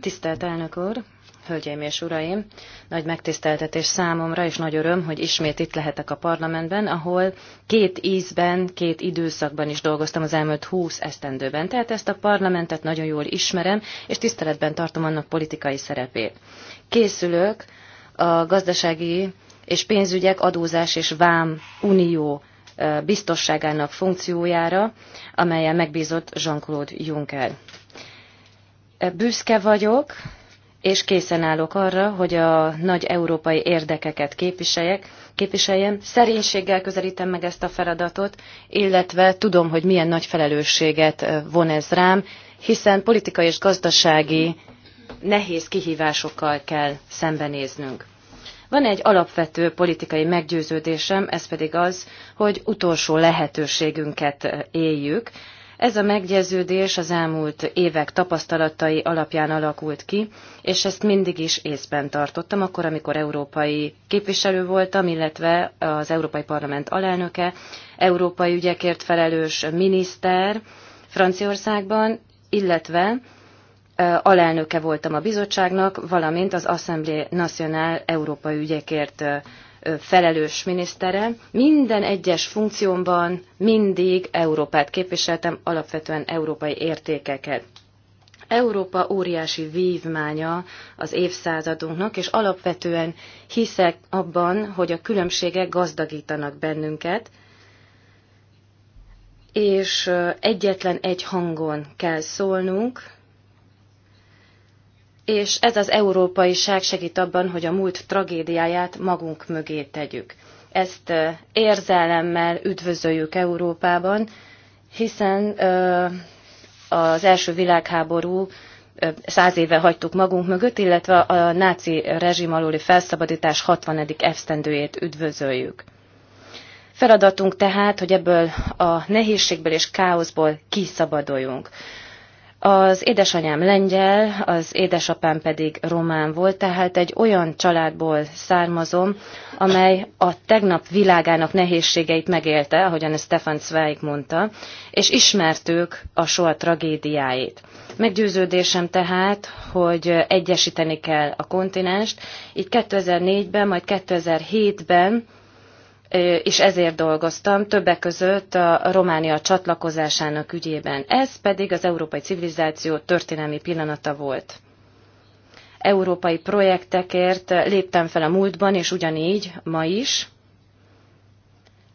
Tisztelt elnök úr, hölgyeim és uraim! Nagy megtiszteltetés számomra, és nagy öröm, hogy ismét itt lehetek a parlamentben, ahol két ízben, két időszakban is dolgoztam az elmúlt húsz esztendőben. Tehát ezt a parlamentet nagyon jól ismerem, és tiszteletben tartom annak politikai szerepét. Készülök a gazdasági és pénzügyek adózás és vám unió biztosságának funkciójára, amelyen megbízott Jean-Claude Juncker. Büszke vagyok, és készen állok arra, hogy a nagy európai érdekeket képviseljek, képviseljem. Szerénységgel közelítem meg ezt a feladatot, illetve tudom, hogy milyen nagy felelősséget von ez rám, hiszen politikai és gazdasági nehéz kihívásokkal kell szembenéznünk. Van egy alapvető politikai meggyőződésem, ez pedig az, hogy utolsó lehetőségünket éljük, ez a meggyőződés az elmúlt évek tapasztalatai alapján alakult ki, és ezt mindig is észben tartottam, akkor, amikor európai képviselő voltam, illetve az Európai Parlament alelnöke, európai ügyekért felelős miniszter Franciaországban, illetve alelnöke voltam a bizottságnak, valamint az Assemblée Nationale európai ügyekért felelős minisztere. Minden egyes funkciómban mindig Európát képviseltem, alapvetően európai értékeket. Európa óriási vívmánya az évszázadunknak, és alapvetően hiszek abban, hogy a különbségek gazdagítanak bennünket, és egyetlen egy hangon kell szólnunk, és ez az európaiság segít abban, hogy a múlt tragédiáját magunk mögé tegyük. Ezt érzelemmel üdvözöljük Európában, hiszen az első világháború száz éve hagytuk magunk mögött, illetve a náci rezsim aluli felszabadítás 60. esztendőjét üdvözöljük. Feladatunk tehát, hogy ebből a nehézségből és káoszból kiszabaduljunk. Az édesanyám lengyel, az édesapám pedig román volt, tehát egy olyan családból származom, amely a tegnap világának nehézségeit megélte, ahogyan Stefan Zweig mondta, és ismertük a soha tragédiáit. Meggyőződésem tehát, hogy egyesíteni kell a kontinenst, így 2004-ben, majd 2007-ben és ezért dolgoztam, többek között a Románia csatlakozásának ügyében. Ez pedig az európai civilizáció történelmi pillanata volt. Európai projektekért léptem fel a múltban, és ugyanígy ma is.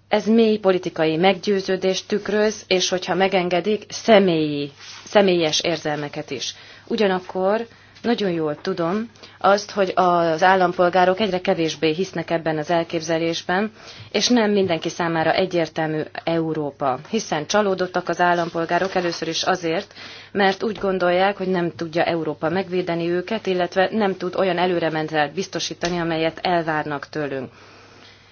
Ez mély politikai meggyőződést tükröz, és hogyha megengedik, személyi, személyes érzelmeket is. Ugyanakkor nagyon jól tudom azt, hogy az állampolgárok egyre kevésbé hisznek ebben az elképzelésben, és nem mindenki számára egyértelmű Európa, hiszen csalódottak az állampolgárok először is azért, mert úgy gondolják, hogy nem tudja Európa megvédeni őket, illetve nem tud olyan előrementelt biztosítani, amelyet elvárnak tőlünk.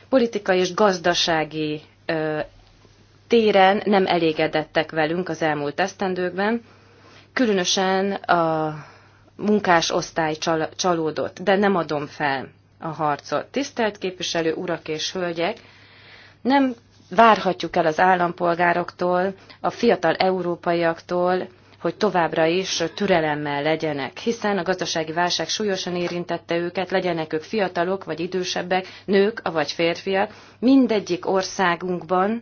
Politikai és gazdasági ö, téren nem elégedettek velünk az elmúlt esztendőkben, különösen a munkás osztály csal- csalódott, de nem adom fel a harcot. Tisztelt képviselő urak és hölgyek, nem várhatjuk el az állampolgároktól, a fiatal európaiaktól, hogy továbbra is türelemmel legyenek, hiszen a gazdasági válság súlyosan érintette őket, legyenek ők fiatalok vagy idősebbek, nők vagy férfiak, mindegyik országunkban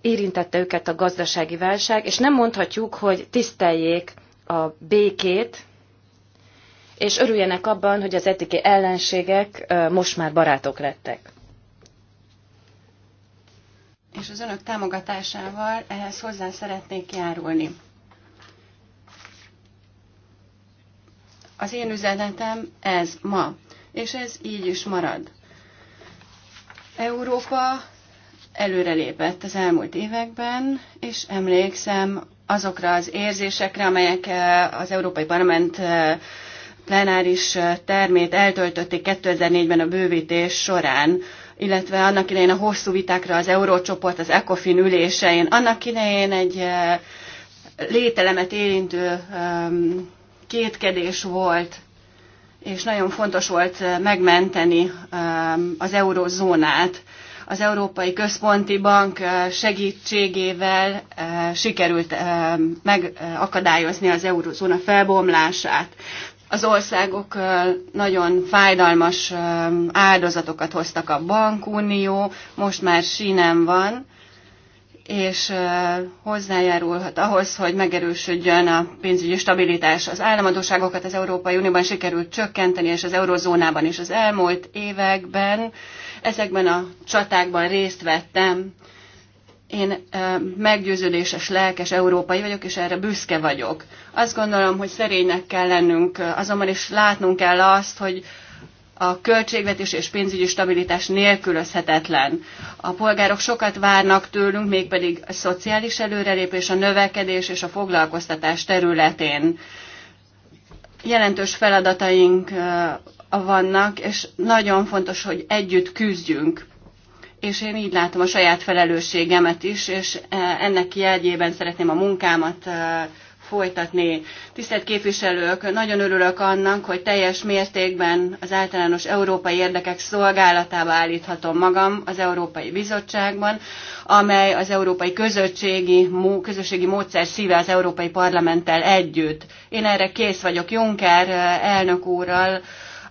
érintette őket a gazdasági válság, és nem mondhatjuk, hogy tiszteljék a békét, és örüljenek abban, hogy az etiké ellenségek most már barátok lettek. És az önök támogatásával ehhez hozzá szeretnék járulni. Az én üzenetem ez ma, és ez így is marad. Európa előrelépett az elmúlt években, és emlékszem azokra az érzésekre, amelyek eh, az Európai Parlament eh, plenáris eh, termét eltöltötték 2004-ben a bővítés során, illetve annak idején a hosszú vitákra az Eurócsoport az ECOFIN ülésein. Annak idején egy lételemet érintő ehm, kétkedés volt, és nagyon fontos volt megmenteni ehm, az eurózónát az Európai Központi Bank segítségével sikerült megakadályozni az eurozóna felbomlását. Az országok nagyon fájdalmas áldozatokat hoztak a bankunió, most már sínen van, és hozzájárulhat ahhoz, hogy megerősödjön a pénzügyi stabilitás. Az államadóságokat az Európai Unióban sikerült csökkenteni, és az eurozónában is az elmúlt években ezekben a csatákban részt vettem. Én meggyőződéses, lelkes európai vagyok, és erre büszke vagyok. Azt gondolom, hogy szerénynek kell lennünk, azonban is látnunk kell azt, hogy a költségvetés és pénzügyi stabilitás nélkülözhetetlen. A polgárok sokat várnak tőlünk, mégpedig a szociális előrelépés, a növekedés és a foglalkoztatás területén. Jelentős feladataink vannak, és nagyon fontos, hogy együtt küzdjünk. És én így látom a saját felelősségemet is, és ennek jegyében szeretném a munkámat folytatni. Tisztelt képviselők, nagyon örülök annak, hogy teljes mértékben az általános európai érdekek szolgálatába állíthatom magam az Európai Bizottságban, amely az európai közösségi, közösségi módszer szíve az Európai Parlamenttel együtt. Én erre kész vagyok Juncker eh, elnök úrral,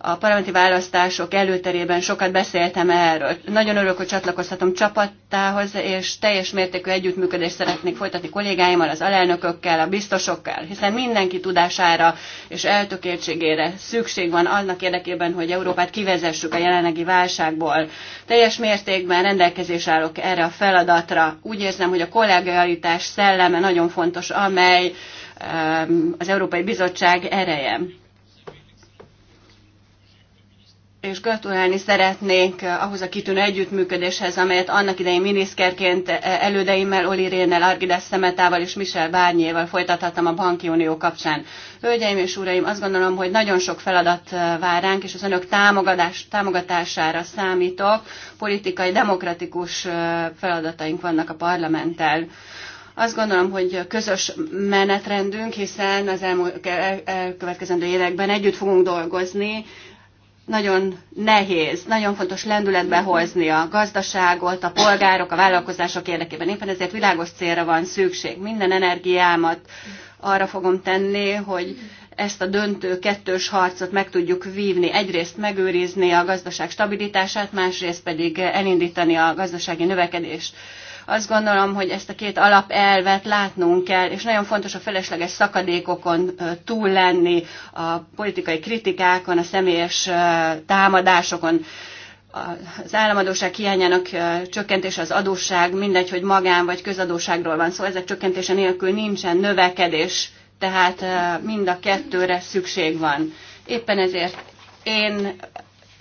a parlamenti választások előterében sokat beszéltem erről. Nagyon örülök, hogy csatlakozhatom csapattához, és teljes mértékű együttműködést szeretnék folytatni kollégáimmal, az alelnökökkel, a biztosokkal, hiszen mindenki tudására és eltökértségére szükség van annak érdekében, hogy Európát kivezessük a jelenlegi válságból. Teljes mértékben rendelkezés állok erre a feladatra. Úgy érzem, hogy a kollégialitás szelleme nagyon fontos, amely az Európai Bizottság ereje és gratulálni szeretnék ahhoz a kitűnő együttműködéshez, amelyet annak idején miniszterként e, elődeimmel, Oli Rénnel, Argides Szemetával és Michel Bárnyéval folytathattam a banki unió kapcsán. Hölgyeim és uraim, azt gondolom, hogy nagyon sok feladat e, vár ránk, és az önök támogatás, támogatására számítok. Politikai, demokratikus e, feladataink vannak a parlamenttel. Azt gondolom, hogy közös menetrendünk, hiszen az elmúlt elkövetkezendő években együtt fogunk dolgozni, nagyon nehéz, nagyon fontos lendületbe hozni a gazdaságot, a polgárok, a vállalkozások érdekében. Éppen ezért világos célra van szükség. Minden energiámat arra fogom tenni, hogy ezt a döntő kettős harcot meg tudjuk vívni. Egyrészt megőrizni a gazdaság stabilitását, másrészt pedig elindítani a gazdasági növekedést. Azt gondolom, hogy ezt a két alapelvet látnunk kell, és nagyon fontos a felesleges szakadékokon túl lenni, a politikai kritikákon, a személyes támadásokon az államadóság hiányának csökkentése az adósság, mindegy, hogy magán vagy közadóságról van szó, szóval ezek csökkentése nélkül nincsen növekedés, tehát mind a kettőre szükség van. Éppen ezért én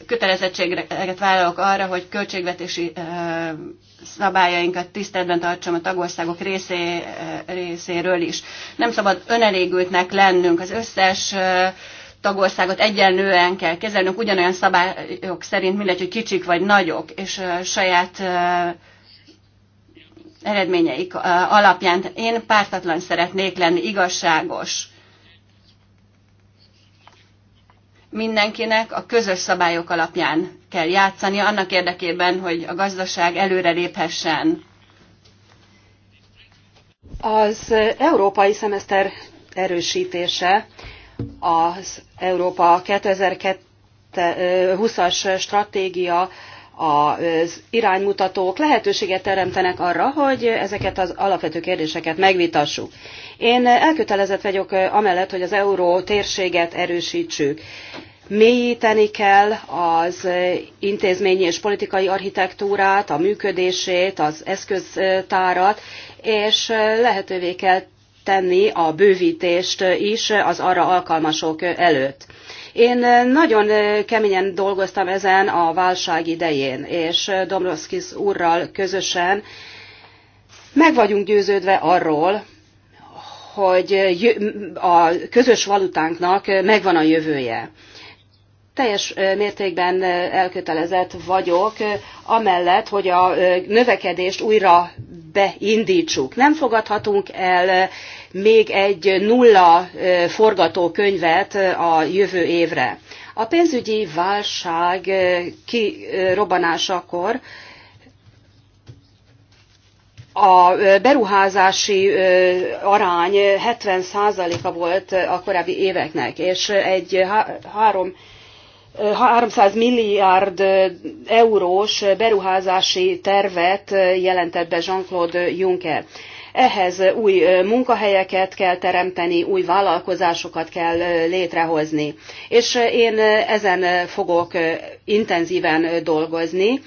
kötelezettséget vállalok arra, hogy költségvetési szabályainkat tiszteletben tartsam a tagországok részé, részéről is. Nem szabad önelégültnek lennünk. Az összes tagországot egyenlően kell kezelnünk, ugyanolyan szabályok szerint, mindegy, hogy kicsik vagy nagyok, és saját eredményeik alapján. Én pártatlan szeretnék lenni, igazságos mindenkinek a közös szabályok alapján kell játszani, annak érdekében, hogy a gazdaság léphessen. Az európai szemeszter erősítése az Európa 2020-as stratégia az iránymutatók lehetőséget teremtenek arra, hogy ezeket az alapvető kérdéseket megvitassuk. Én elkötelezett vagyok amellett, hogy az euró térséget erősítsük. Mélyíteni kell az intézményi és politikai architektúrát, a működését, az eszköztárat, és lehetővé kell tenni a bővítést is az arra alkalmasok előtt én nagyon keményen dolgoztam ezen a válság idején, és Domroszkis úrral közösen meg vagyunk győződve arról, hogy a közös valutánknak megvan a jövője teljes mértékben elkötelezett vagyok amellett, hogy a növekedést újra beindítsuk. Nem fogadhatunk el még egy nulla forgatókönyvet a jövő évre. A pénzügyi válság kirobbanásakor a beruházási arány 70%-a volt a korábbi éveknek, és egy három 300 milliárd eurós beruházási tervet jelentett be Jean-Claude Juncker. Ehhez új munkahelyeket kell teremteni, új vállalkozásokat kell létrehozni. És én ezen fogok intenzíven dolgozni.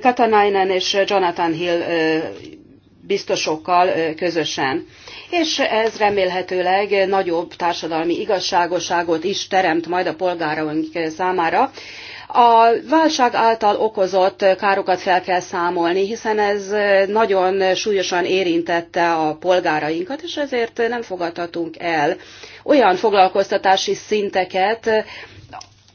Katanainen és Jonathan Hill biztosokkal közösen. És ez remélhetőleg nagyobb társadalmi igazságosságot is teremt majd a polgáraink számára. A válság által okozott károkat fel kell számolni, hiszen ez nagyon súlyosan érintette a polgárainkat, és ezért nem fogadhatunk el olyan foglalkoztatási szinteket,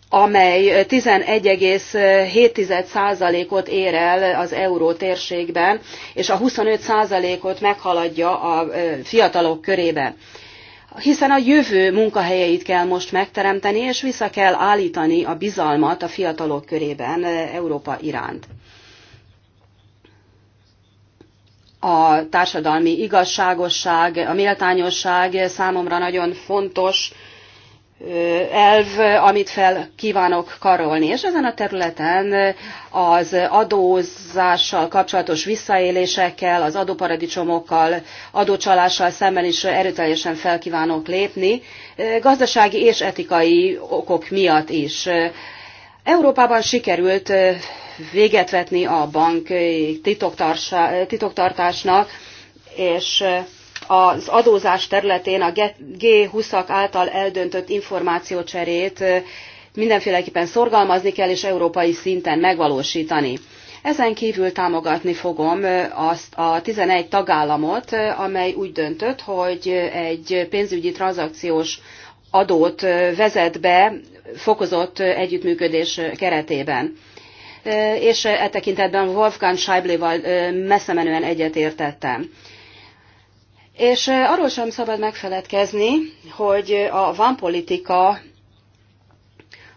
amely 11,7%-ot ér el az eurótérségben és a 25%-ot meghaladja a fiatalok körében. Hiszen a jövő munkahelyeit kell most megteremteni, és vissza kell állítani a bizalmat a fiatalok körében Európa iránt. A társadalmi igazságosság, a méltányosság számomra nagyon fontos, elv, amit fel kívánok karolni. És ezen a területen az adózással kapcsolatos visszaélésekkel, az adóparadicsomokkal, adócsalással szemben is erőteljesen fel kívánok lépni, gazdasági és etikai okok miatt is. Európában sikerült véget vetni a bank titoktartásnak, és az adózás területén a G20-ak által eldöntött információcserét mindenféleképpen szorgalmazni kell és európai szinten megvalósítani. Ezen kívül támogatni fogom azt a 11 tagállamot, amely úgy döntött, hogy egy pénzügyi tranzakciós adót vezet be fokozott együttműködés keretében. És e tekintetben Wolfgang Schäubleval messze menően egyetértettem. És eh, arról sem szabad megfeledkezni, hogy a vámpolitika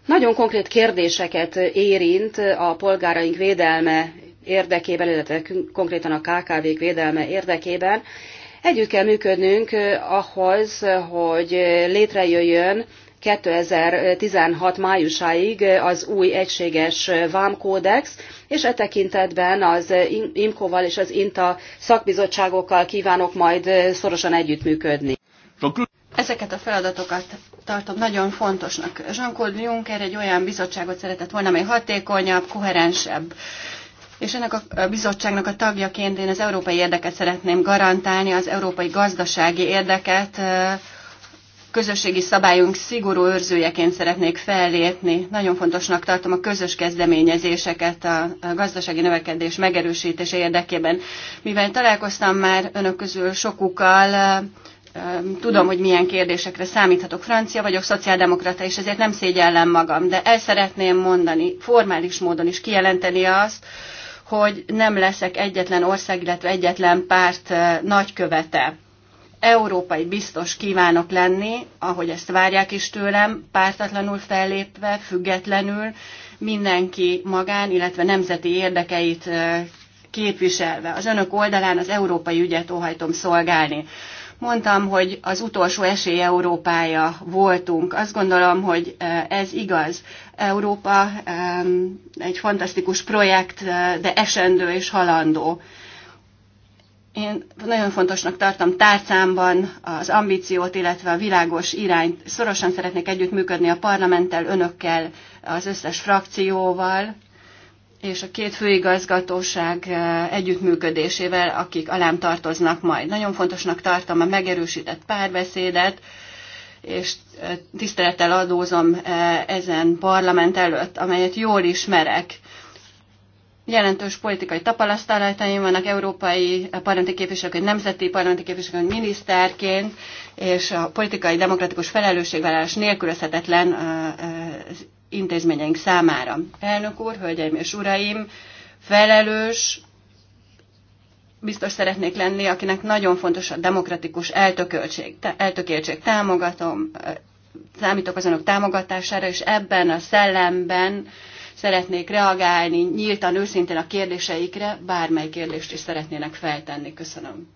nagyon konkrét kérdéseket érint a polgáraink védelme érdekében, illetve konkrétan a KKV-k védelme érdekében. Együtt kell működnünk eh, ahhoz, hogy létrejöjjön 2016 májusáig az új egységes vámkódex, és e tekintetben az IMCO-val és az INTA szakbizottságokkal kívánok majd szorosan együttműködni. Ezeket a feladatokat tartom nagyon fontosnak. Jean-Claude Juncker egy olyan bizottságot szeretett volna, amely hatékonyabb, koherensebb. És ennek a bizottságnak a tagjaként én az európai érdeket szeretném garantálni, az európai gazdasági érdeket, közösségi szabályunk szigorú őrzőjeként szeretnék fellépni. Nagyon fontosnak tartom a közös kezdeményezéseket a gazdasági növekedés megerősítése érdekében. Mivel találkoztam már önök közül sokukkal, tudom, hogy milyen kérdésekre számíthatok. Francia vagyok, szociáldemokrata, és ezért nem szégyellem magam, de el szeretném mondani, formális módon is kijelenteni azt, hogy nem leszek egyetlen ország, illetve egyetlen párt nagykövete európai biztos kívánok lenni, ahogy ezt várják is tőlem, pártatlanul fellépve, függetlenül, mindenki magán, illetve nemzeti érdekeit képviselve. Az önök oldalán az európai ügyet óhajtom szolgálni. Mondtam, hogy az utolsó esély Európája voltunk. Azt gondolom, hogy ez igaz. Európa egy fantasztikus projekt, de esendő és halandó. Én nagyon fontosnak tartom tárcámban az ambíciót, illetve a világos irányt. Szorosan szeretnék együttműködni a parlamenttel, önökkel, az összes frakcióval, és a két főigazgatóság eh, együttműködésével, akik alám tartoznak majd. Nagyon fontosnak tartom a megerősített párbeszédet, és eh, tisztelettel adózom eh, ezen parlament előtt, amelyet jól ismerek. Jelentős politikai tapasztalataim vannak európai parlamenti képviselőként, nemzeti parlamenti képviselőként, miniszterként, és a politikai demokratikus felelősségvállalás nélkülözhetetlen az intézményeink számára. Elnök úr, hölgyeim és uraim, felelős, biztos szeretnék lenni, akinek nagyon fontos a demokratikus eltököltség, eltökéltség. Támogatom, számítok azonok támogatására, és ebben a szellemben szeretnék reagálni nyíltan, őszintén a kérdéseikre, bármely kérdést is szeretnének feltenni. Köszönöm.